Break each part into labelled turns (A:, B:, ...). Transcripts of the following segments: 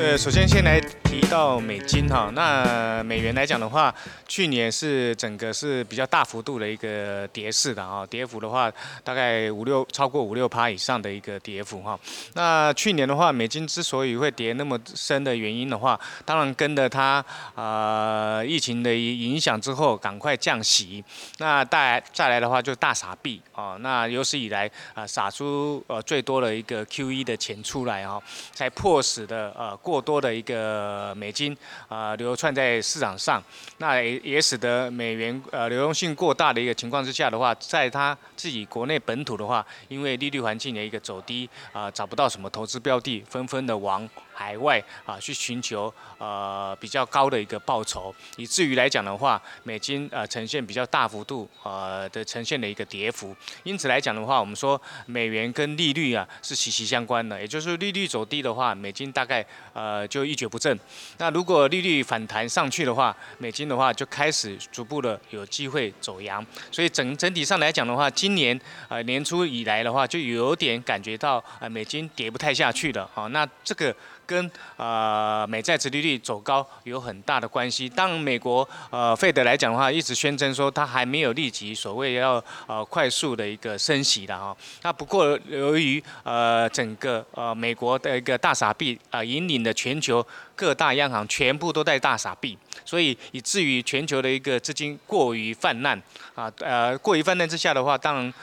A: 呃，首先先來提到美金哈，那美元來講的話，去年是整個是比較大幅度的一個跌勢的啊，跌幅的話大概五六超過五六趴以上的一個跌幅哈。那去年的話，美金之所以會跌那麼深的原因的話，當然跟着它呃疫情的影響之後，趕快降息，那再再來的話就大撒幣啊，那有史以來啊、呃、撒出呃最多的一個 QE 的錢出來啊，才迫使的呃過。過多的一個美金啊，呃，流竄在市場上，那也也使得美元呃流動性過大的一個情況之下的話，在他自己國內本土的話，因為利率環境的一個走低啊，呃，找不到什麼投資標的，紛紛的往。海外啊，去尋求呃比較高的一個報酬，以至於來講的話，美金呃呈現比較大幅度呃的呈現的一個跌幅。因此來講的話，我們說美元跟利率啊是息息相關的，也就是利率走低的話，美金大概呃就一蹶不振。那如果利率反彈上去的話，美金的話就開始逐步的有機會走揚。所以整整體上來講的話，今年呃年初以來的話，就有點感覺到啊美金跌不太下去的啊。那這個。跟啊，美債殖利率走高有很大的關係。當然，美國呃費德來講的話，一直宣稱說他還沒有立即所謂要呃快速的一個升息的啊。那不過由於呃整個呃美國的一個大撒幣，啊引領的全球各大央行全部都在大撒幣，所以以至於全球的一個資金過於泛濫啊呃過於泛濫之下的話，當然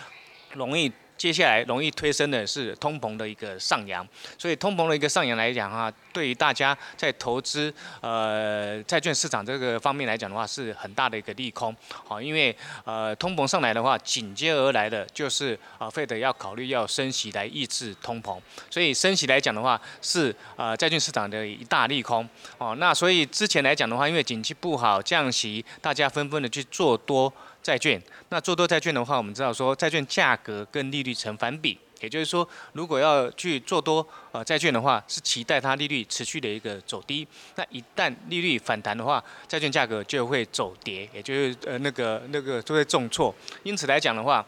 A: 容易。接下來容易推升的是通膨的一個上揚，所以通膨的一個上揚來講哈，對於大家在投資呃債券市場這個方面來講的話，是很大的一個利空，好，因為呃通膨上來的話，緊接而來的就是啊，非得要考慮要升息來抑制通膨，所以升息來講的話，是呃債券市場的一大利空，哦，那所以之前來講的話，因為景氣不好降息，大家紛紛的去做多。債券，那做多債券的話，我們知道說債券價格跟利率成反比，也就是說，如果要去做多呃債券的話，是期待它利率持續的一個走低。那一旦利率反彈的話，債券價格就會走跌，也就是呃那個那個就會重挫。因此來講的話，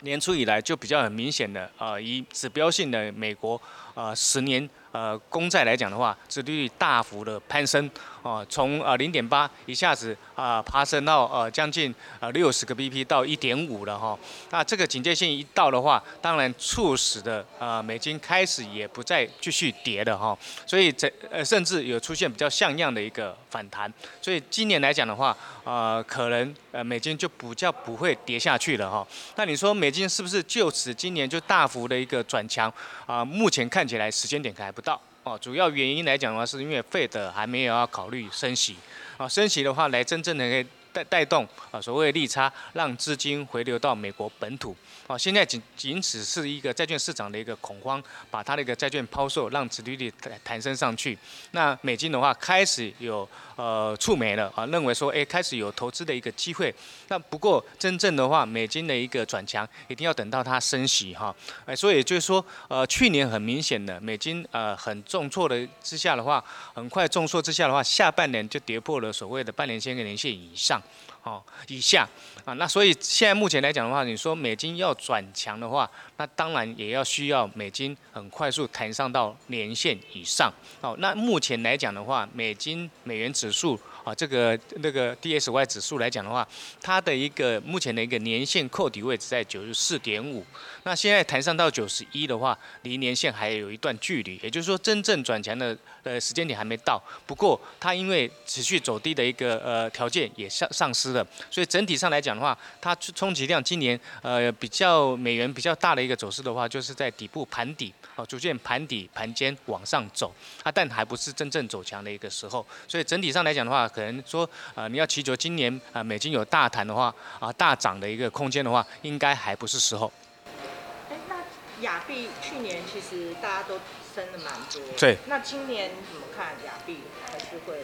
A: 年初以來就比較很明顯的呃以指標性的美國呃十年呃公債來講的話，是利率大幅的攀升。哦，從呃零點八一下子啊爬升到呃將近呃六十個 BP 到一點五了哈。那這個警戒線一到的話，當然促使的啊美金開始也不再繼續跌的哈。所以這呃甚至有出現比較像樣的一個反彈。所以今年來講的話，呃可能呃美金就比較不會跌下去了哈。那你說美金是不是就此今年就大幅的一個轉強？啊，目前看起來時間點可還不到。哦，主要原因來講的話，是因為 Fed 還沒有要考慮升息。啊，升息的話，來真正的可以帶帶動啊，所謂利差，讓資金回流到美國本土。啊，現在僅僅只是一個債券市場的一個恐慌，把它的一個債券拋售，讓殖利率彈彈升上去。那美金的話，開始有。呃，觸媒了啊，認為說，哎，開始有投資的一個機會。那不過，真正的話，美金的一個轉強，一定要等到它升息哈。哎、呃，所以就是說，呃，去年很明顯的美金呃很重挫的之下的話，很快重挫之下的話，下半年就跌破了所謂的半年線跟年線以上。哦，以下啊，那所以現在目前來講的話，你說美金要轉強的話，那當然也要需要美金很快速彈上到年線以上。哦，那目前來講的話，美金美元指數。啊，這個那個 DXY 指數來講的話，它的一個目前的一個年線扣抵位置在九十四點五，那現在彈上到九十一的話，離年線還有一段距離，也就是說真正轉強的呃時間點還沒到。不過它因為持續走低的一個呃條件也喪喪失了，所以整體上來講的話，它充其量今年呃比較美元比較大的一個走勢的話，就是在底部盤底啊，逐漸盤底盤堅往上走啊，但還不是真正走強的一個時候。所以整體上來講的話，可能說，呃，你要祈求今年啊，美金有大彈的話，啊，大漲的一個空間的話，應該還不是時候。哎、欸，那亞幣去年其實大家都升了蠻多。對。那今年怎麼看亞幣還是會？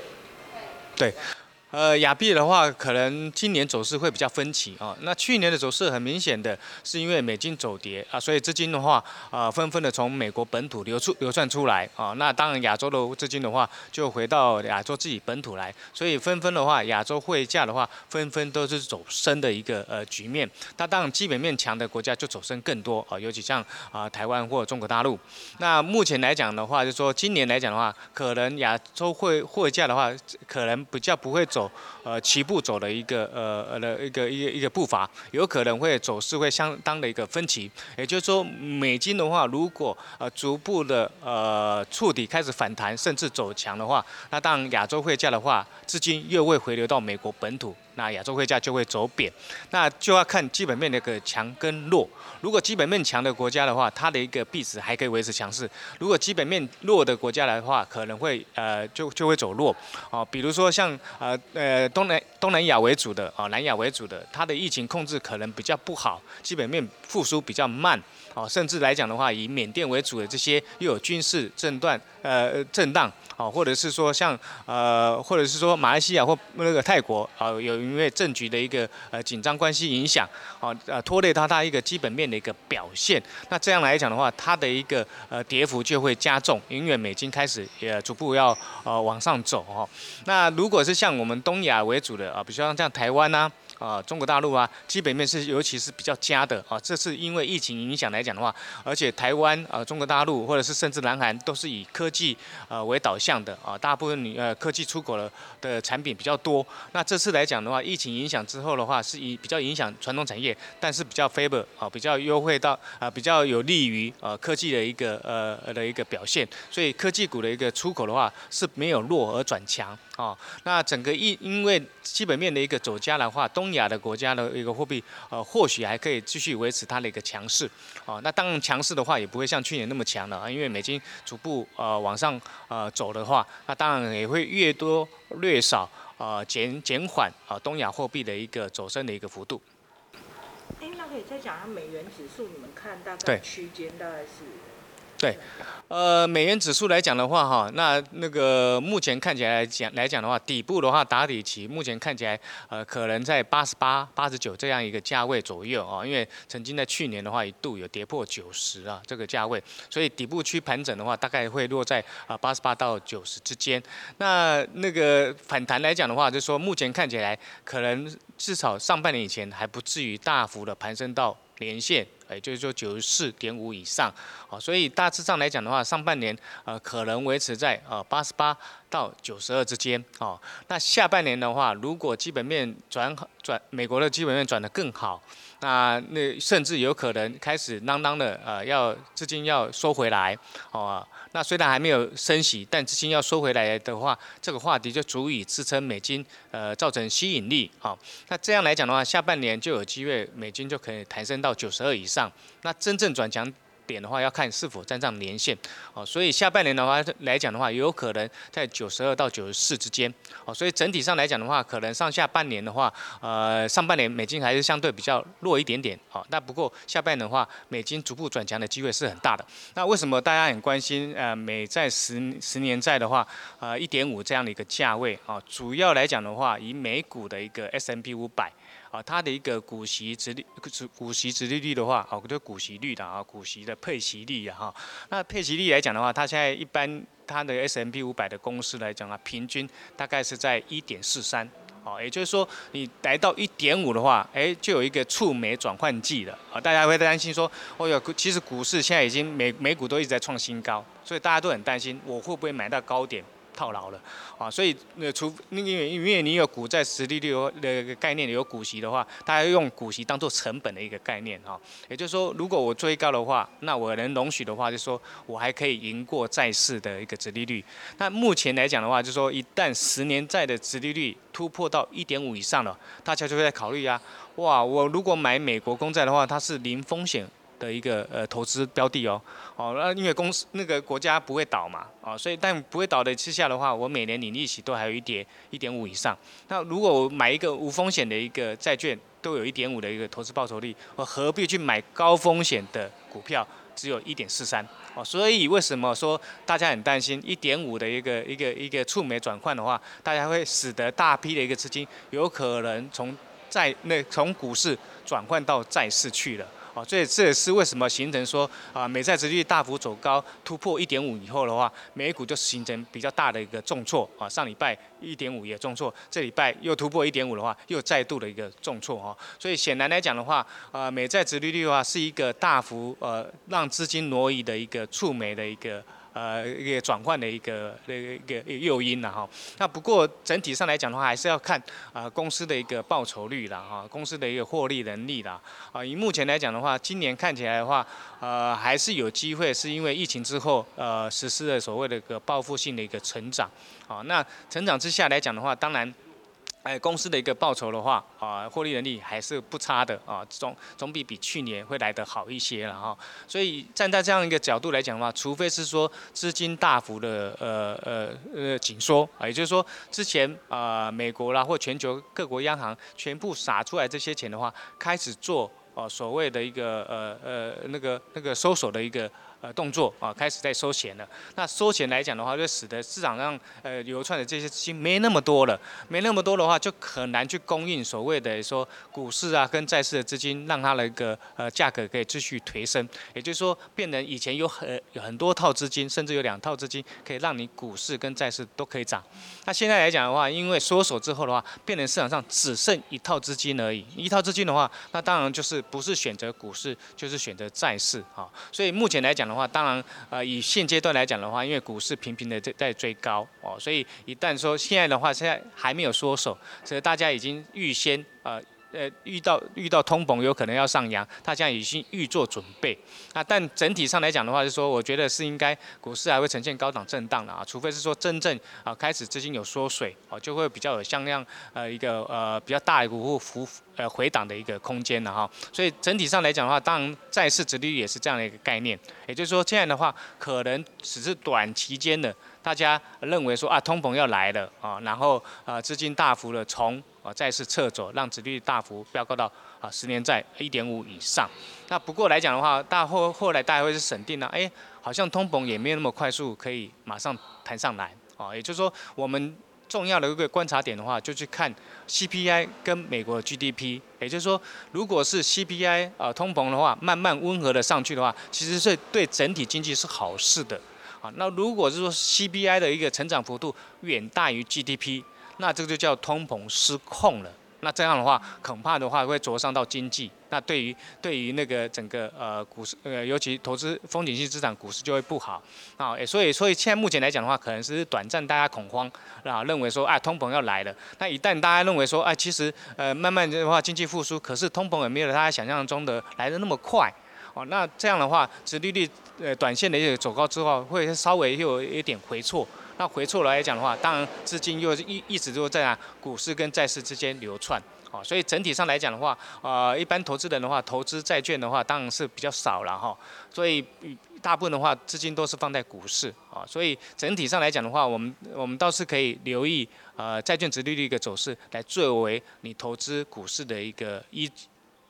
A: 對。呃，亞幣的話，可能今年走勢會比較分歧啊。那去年的走勢很明顯的是因為美金走跌啊，所以資金的話啊，紛、呃、紛的從美國本土流出流竄出來啊、呃。那當然，亞洲的資金的話就回到亞洲自己本土來，所以紛紛的話，亞洲匯價的話，紛紛都是走升的一個呃局面。但當然，基本面強的國家就走升更多啊、呃，尤其像啊、呃、台灣或中國大陸。那目前來講的話，就是、說今年來講的話，可能亞洲匯匯價的話，可能比較不會。走呃，起步走的一個呃呃的一個一個一個步伐，有可能會走勢會相當的一個分歧。也就是說，美金的話，如果呃逐步的呃觸底開始反彈，甚至走強的話，那當然亞洲匯價的話，資金又會回流到美國本土，那亞洲匯價就會走貶。那就要看基本面的一個強跟弱。如果基本面強的國家的話，它的一個幣值還可以維持強勢；如果基本面弱的國家來的話，可能會呃就就會走弱。哦，比如說像呃。呃，東南東南亞為主的啊、哦，南亞為主的，它的疫情控制可能比較不好，基本面復甦比較慢，哦，甚至來講的話，以緬甸為主的這些又有軍事政斷。呃，震盪啊，或者是說像呃，或者是說馬來西亞或那個泰國啊、呃，有因為政局的一個呃緊張關係影響啊，呃拖累到它一個基本面的一個表現。那這樣來講的話，它的一個呃跌幅就會加重，因為美金開始也逐步要呃往上走哈、哦。那如果是像我們東亞為主的啊，比如像像台灣吶、啊。啊，中國大陸啊，基本面是尤其是比較佳的。啊。這是因為疫情影響來講的話，而且台灣啊、中國大陸或者是甚至南韓都是以科技啊為導向的啊，大部分呃、啊、科技出口的的產品比較多。那這次來講的話，疫情影響之後的話，是以比較影響傳統產業，但是比較 favor 啊，比較優惠到啊，比較有利於呃、啊、科技的一個呃的一個表現。所以科技股的一個出口的話是沒有弱而轉強。哦，那整個一，因為基本面的一個走佳的話，東亞的國家的一個貨幣，呃，或許還可以繼續維持它的一個強勢。哦，那當然強勢的話，也不會像去年那麼強了，因為美金逐步呃往上呃走的話，那當然也會越多略少呃減減緩啊東亞貨幣的一個走升的一個幅度。哎，那可以再講下美元指數，你們看大概區間大概是？對，呃，美元指數來講的話，哈，那那個目前看起來來講來講的話，底部的話打底期，目前看起來，呃，可能在八十八、八十九這樣一個價位左右啊，因為曾經在去年的話，一度有跌破九十啊這個價位，所以底部區盤整的話，大概會落在啊八十八到九十之間。那那個反彈來講的話，就是說目前看起來，可能至少上半年以前還不至於大幅的攀升到年線。也就是說九十四點五以上，所以大致上來講的話，上半年呃可能維持在呃八十八到九十二之間，那下半年的話，如果基本面轉好，轉美國的基本面轉得更好，那那甚至有可能開始嚷嚷的呃要資金要收回來，哦。那雖然還沒有升息，但資金要收回來的話，這個話題就足以支撐美金，呃，造成吸引力。好、哦，那這樣來講的話，下半年就有機會，美金就可以抬升到九十二以上。那真正轉強。點的話要看是否站上年線，哦，所以下半年的話來講的話，也有可能在九十二到九十四之間，哦，所以整體上來講的話，可能上下半年的話，呃，上半年美金還是相對比較弱一點點，哦，那不過下半年的話，美金逐步轉強的機會是很大的。那為什麼大家很關心，呃，美債十十年債的話，呃，一點五這樣的一個價位，哦，主要來講的話，以美股的一個 S M P 五百。啊，它的一個股息殖率，股息殖利率的話，啊，叫股息率的啊，股息的配息率的。那配息率來講的話，它現在一般，它的 S M P 五百的公司來講啊，平均大概是在一點四三，啊，也就是說你來到一點五的話，哎，就有一個觸媒轉換劑了啊。大家會擔心說，哦喲，其實股市現在已經每每股都一直在創新高，所以大家都很擔心，我會不會買到高點？套牢了啊，所以那除那個，因為你有股債殖利率那個概念，有股息的話，大家用股息當做成本的一個概念哈，也就是說，如果我追高的話，那我能容許的話，就是說我還可以贏過債市的一個殖利率。那目前來講的話，就是說一旦十年債的殖利率突破到一點五以上了，大家就會在考慮啊，哇，我如果買美國公債的話，它是零風險。的一個呃投資標的哦，哦，那因為公司那個國家不會倒嘛，哦，所以但不會倒的之下的話，我每年領利息都還有一點一點五以上。那如果我買一個無風險的一個債券，都有一點五的一個投資報酬率，我何必去買高風險的股票，只有一點四三？哦，所以為什麼說大家很擔心一點五的一個一個一個觸媒轉換的話，大家會使得大批的一個資金有可能從債那從股市轉換到債市去了。好，所以這也是為什麼形成說啊，美債殖利率大幅走高，突破一點五以後的話，美股就形成比較大的一個重挫啊。上禮拜一點五也重挫，這禮拜又突破一點五的話，又再度的一個重挫啊。所以顯然來講的話，啊，美債殖利率的話是一個大幅呃讓資金挪移的一個觸媒的一個。呃，一個轉換的一個那個一個誘因了哈。那不過整體上來講的話，還是要看啊公司的一個報酬率了哈，公司的一個獲利能力了啊。以目前來講的話，今年看起來的話，呃，還是有機會，是因為疫情之後呃實施了所謂的一個報復性的一個成長。好，那成長之下來講的話，當然。哎，公司的一個報酬的話啊，獲利能力還是不差的啊，總總比比去年會來得好一些了哈。所以站在這樣一個角度來講的話，除非是說資金大幅的呃呃呃緊縮啊，也就是說之前啊、呃、美國啦或全球各國央行全部撒出來這些錢的話，開始做啊所謂的一個呃呃那個那個收縮的一個。呃呃那個那個呃，動作啊，開始在收錢了。那收錢來講的話，就使得市場上呃流竄的這些資金沒那麼多了，沒那麼多的話，就很難去供應所謂的說股市啊跟債市的資金，讓它的一個呃價格可以繼續提升。也就是說，變成以前有很有很多套資金，甚至有兩套資金，可以讓你股市跟債市都可以漲。那現在來講的話，因為縮手之後的話，變成市場上只剩一套資金而已。一套資金的話，那當然就是不是選擇股市，就是選擇債市啊。所以目前來講，話當然，呃，以現階段來講的話，因為股市頻頻的在在追高哦，所以一旦說現在的話，現在還沒有縮手，所以大家已經預先呃。呃，遇到遇到通膨有可能要上揚，他現在已經預做準備，那但整體上來講的話，就是說我覺得是應該股市還會呈現高檔震盪的啊，除非是說真正啊開始資金有縮水哦，就會比較有像樣呃一個呃比較大的股幅呃回檔的一個空間了。哈。所以整體上來講的話，當然債市殖利率也是這樣的一個概念，也就是說這樣的話可能只是短期間的。大家認為說啊，通膨要來了啊，然後啊，資金大幅的從啊再次撤走，讓殖利率大幅飆高到啊十年債一點五以上。那不過來講的話，大後後來大家會是審定呢、啊，哎、欸，好像通膨也沒有那麼快速可以馬上彈上來啊。也就是說，我們重要的一個觀察點的話，就去看 CPI 跟美國的 GDP。也就是說，如果是 CPI 啊通膨的話，慢慢溫和的上去的話，其實是對整體經濟是好事的。那如果是說 CPI 的一個成長幅度遠大於 GDP，那這個就叫通膨失控了。那這樣的話，恐怕的話會灼傷到經濟。那對於對於那個整個呃股市呃，尤其投資風景性資產，股市就會不好啊。哎、欸，所以所以現在目前來講的話，可能是短暫大家恐慌，啊認為說啊通膨要來了。那一旦大家認為說啊其實呃慢慢的話經濟復甦，可是通膨也沒有大家想象中的來的那麼快。哦，那這樣的話，殖利率呃短線的一個走高之後，會稍微又有一點回挫。那回挫來講的話，當然資金又是一一直都在、啊、股市跟債市之間流竄。哦，所以整體上來講的話，呃，一般投資人的話，投資債券的話，當然是比較少了哈。所以大部分的話，資金都是放在股市。哦，所以整體上來講的話，我們我們倒是可以留意呃債券殖利率的走勢，來作為你投資股市的一個依據。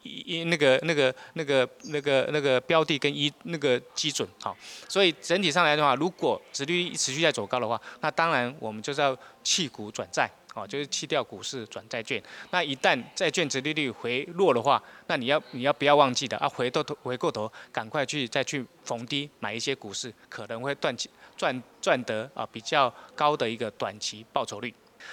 A: 一那個那個那個那個那個標的跟一那個基準好，所以整體上來的話，如果殖利率持續在走高的話，那當然我們就是要棄股轉債，啊，就是棄掉股市轉債券。那一旦債券殖利率回落的話，那你要你要不要忘記的啊，回到頭回過頭趕快去再去逢低買一些股市，可能會賺賺賺得啊比較高的一個短期報酬率。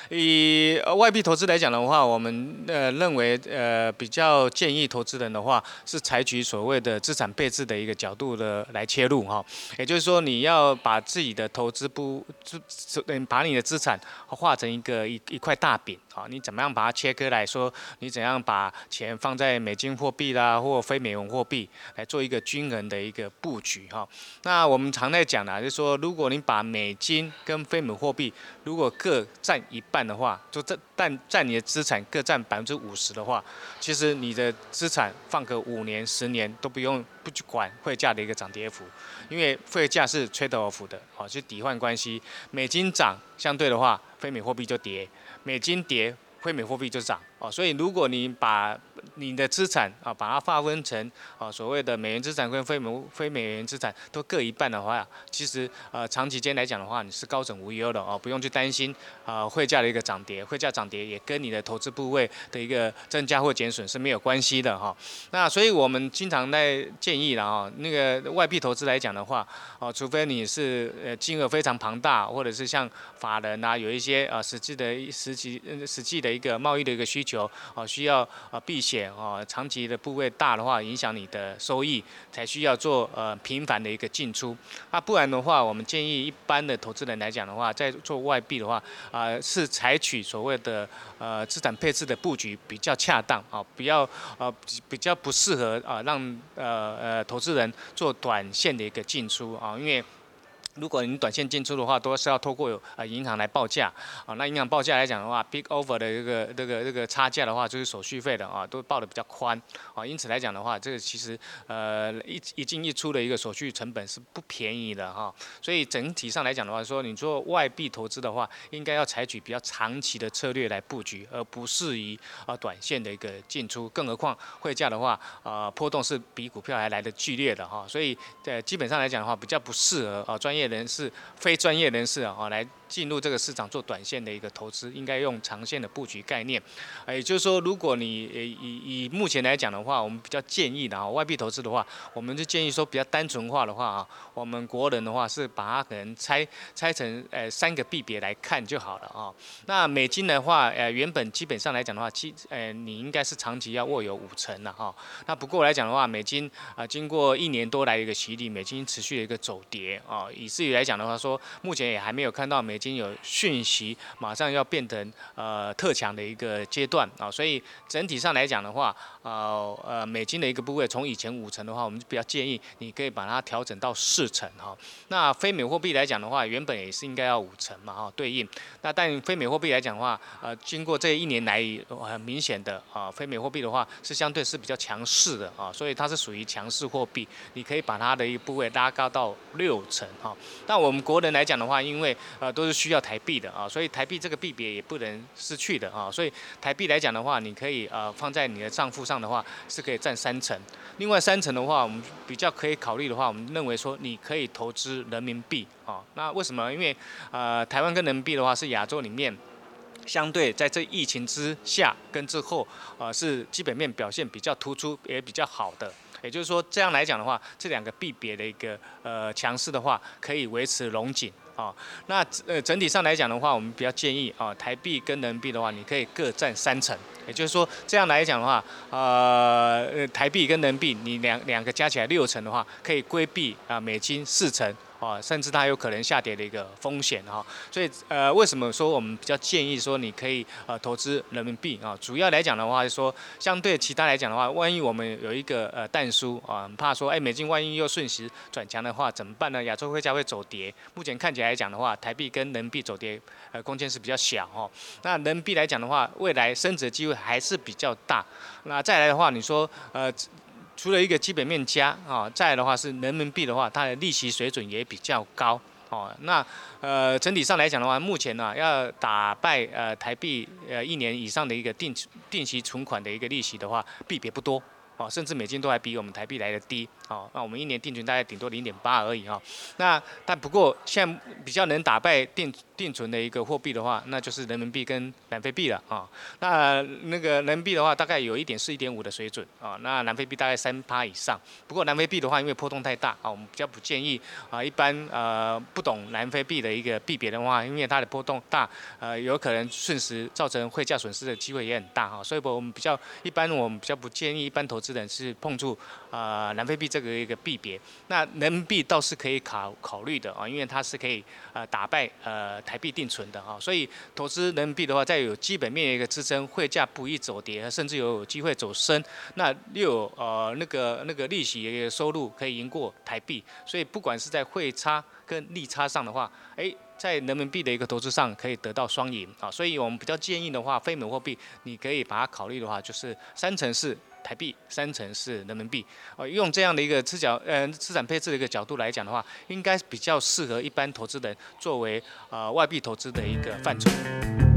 A: 以外幣投資來講的話，我們呃認為呃比較建議投資人的話是採取所謂的資產配置的一個角度的來切入哈，也就是說你要把自己的投資不資把你的資產化成一個一一塊大餅啊，你怎麼樣把它切割來說，你怎樣把錢放在美金貨幣啦或非美元貨幣來做一個均衡的一個佈局哈。那我們常在講的就是說，如果你把美金跟非美貨幣如果各占一半的話，就占，占你的資產各占百分之五十的話，其實你的資產放個五年、十年都不用不去管匯價的一個漲跌幅，因為匯價是 trade off 的，哦，是抵換關係，美金漲相對的話，非美貨幣就跌，美金跌，非美貨幣就漲，哦，所以如果你把你的資產啊，把它劃分成啊所謂的美元資產跟非美非美元資產都各一半的話，其實啊長期間來講的話，你是高枕無憂的哦，不用去擔心啊匯價的一個漲跌，匯價漲跌也跟你的投資部位的一個增加或減損是沒有關係的哈。那所以我們經常在建議啦哦，那個外幣投資來講的話，哦，除非你是呃金額非常龐大，或者是像法人吶、啊、有一些啊實際的實際實際的一個貿易的一個需求啊，需要啊避險。啊，長期的部位大的話，影響你的收益，才需要做呃頻繁的一個進出。啊。不然的話，我們建議一般的投資人來講的話，在做外幣的話，啊，是採取所謂的呃資產配置的布局比較恰當啊，比較呃比較不適合啊讓呃呃投資人做短線的一個進出啊，因為。如果你短線進出的話，都是要透過啊呃銀行來報價啊。那銀行報價來講的話，bid offer 的這個這個、這個、這個差價的話，就是手續費的啊，都報得比較寬啊。因此來講的話，這個其實呃一一進一出的一個手續成本是不便宜的哈、啊。所以整體上來講的話，說你做外幣投資的話，應該要採取比較長期的策略來布局，而不適宜啊短線的一個進出。更何況匯價的話，啊波動是比股票還來得劇烈的哈、啊。所以在、呃、基本上來講的話，比較不適合啊專業。業人士，非專業人士啊，來進入這個市場做短線的一個投資，應該用長線的布局概念。哎，也就是說，如果你以以目前來講的話，我們比較建議的啊，外幣投資的話，我們就建議說比較單純化的話啊，我們國人的話是把它可能拆拆成、呃、三個幣別來看就好了啊。那美金的話，呃，原本基本上來講的話，基呃你應該是長期要握有五成的哈。那不過來講的話，美金啊、呃，經過一年多來一個洗禮，美金持續的一個走跌啊，以至於來講的話說，目前也還沒有看到美。已經有訊息，馬上要變成呃特強的一個階段啊、哦，所以整體上來講的話，呃呃，美金的一個部位從以前五成的話，我們就比較建議你可以把它調整到四成哈、哦。那非美貨幣來講的話，原本也是應該要五成嘛哈、哦，對應。那但非美貨幣來講的話，呃，經過這一年來很明顯的啊、哦，非美貨幣的話是相對是比較強勢的啊、哦，所以它是屬於強勢貨幣，你可以把它的一個部位拉高到六成哈、哦。但我們國人來講的話，因為呃都是。是需要台幣的啊，所以台幣這個幣別也不能失去的啊，所以台幣來講的話，你可以呃放在你的賬戶上的話，是可以佔三成。另外三成的話，我們比較可以考慮的話，我們認為說你可以投資人民幣啊。那為什麼？因為呃台灣跟人民幣的話是亞洲裡面相對在這疫情之下跟之後啊是基本面表現比較突出也比較好的。也就是說這樣來講的話，這兩個幣別的一個呃強勢的話，可以維持榮景。啊、哦，那呃整體上來講的話，我們比較建議啊、呃，台幣跟人民幣的話，你可以各占三成，也就是說這樣來講的話，呃，台幣跟人民幣你兩兩個加起來六成的話，可以規避啊、呃、美金四成。啊，甚至它有可能下跌的一個風險哈，所以呃，為什麼說我們比較建議說你可以呃投資人民幣啊？主要來講的話，就是說相對其他來講的話，萬一我們有一個呃但書啊，怕說誒美金萬一又瞬時轉強的話怎麼辦呢？亞洲國家會走跌。目前看起來講的話，台幣跟人民幣走跌呃空間是比較小哈。那人民幣來講的話，未來升值的機會還是比較大。那再來的話，你說呃。除了一個基本面加啊，再的話是人民幣的話，它的利息水準也比較高哦。那呃整體上來講的話，目前呢、啊、要打敗呃台幣呃一年以上的一個定定期存款的一個利息的話，幣別不多。哦，甚至美金都還比我們台幣來的低哦。那我們一年定存大概頂多零點八而已哦，那但不過現在比較能打敗定定存的一個貨幣的話，那就是人民幣跟南非幣了啊。那那個人民幣的話，大概有一點四、一點五的水準啊。那南非幣大概三趴以上。不過南非幣的話，因為波動太大啊，我們比較不建議啊。一般呃不懂南非幣的一個幣別的話，因為它的波動大，呃有可能瞬時造成匯價損失的機會也很大哈。所以我們比較一般，我們比較不建議一般投資。是碰觸呃南非幣這個一個幣別，那人民幣倒是可以考考慮的啊，因為它是可以呃打敗呃台幣定存的啊，所以投資人民幣的話，再有基本面一個支撐，匯價不易走跌，甚至有機會走升，那又有呃那個那個利息的一個收入可以贏過台幣，所以不管是在匯差跟利差上的話，哎、欸。在人民幣的一個投資上可以得到雙贏啊，所以我們比較建議的話，非美貨幣你可以把它考慮的話，就是三成是台幣，三成是人民幣，呃，用這樣的一個資角，呃，資產配置的一個角度來講的話，應該比較適合一般投資人作為呃外幣投資的一個範疇。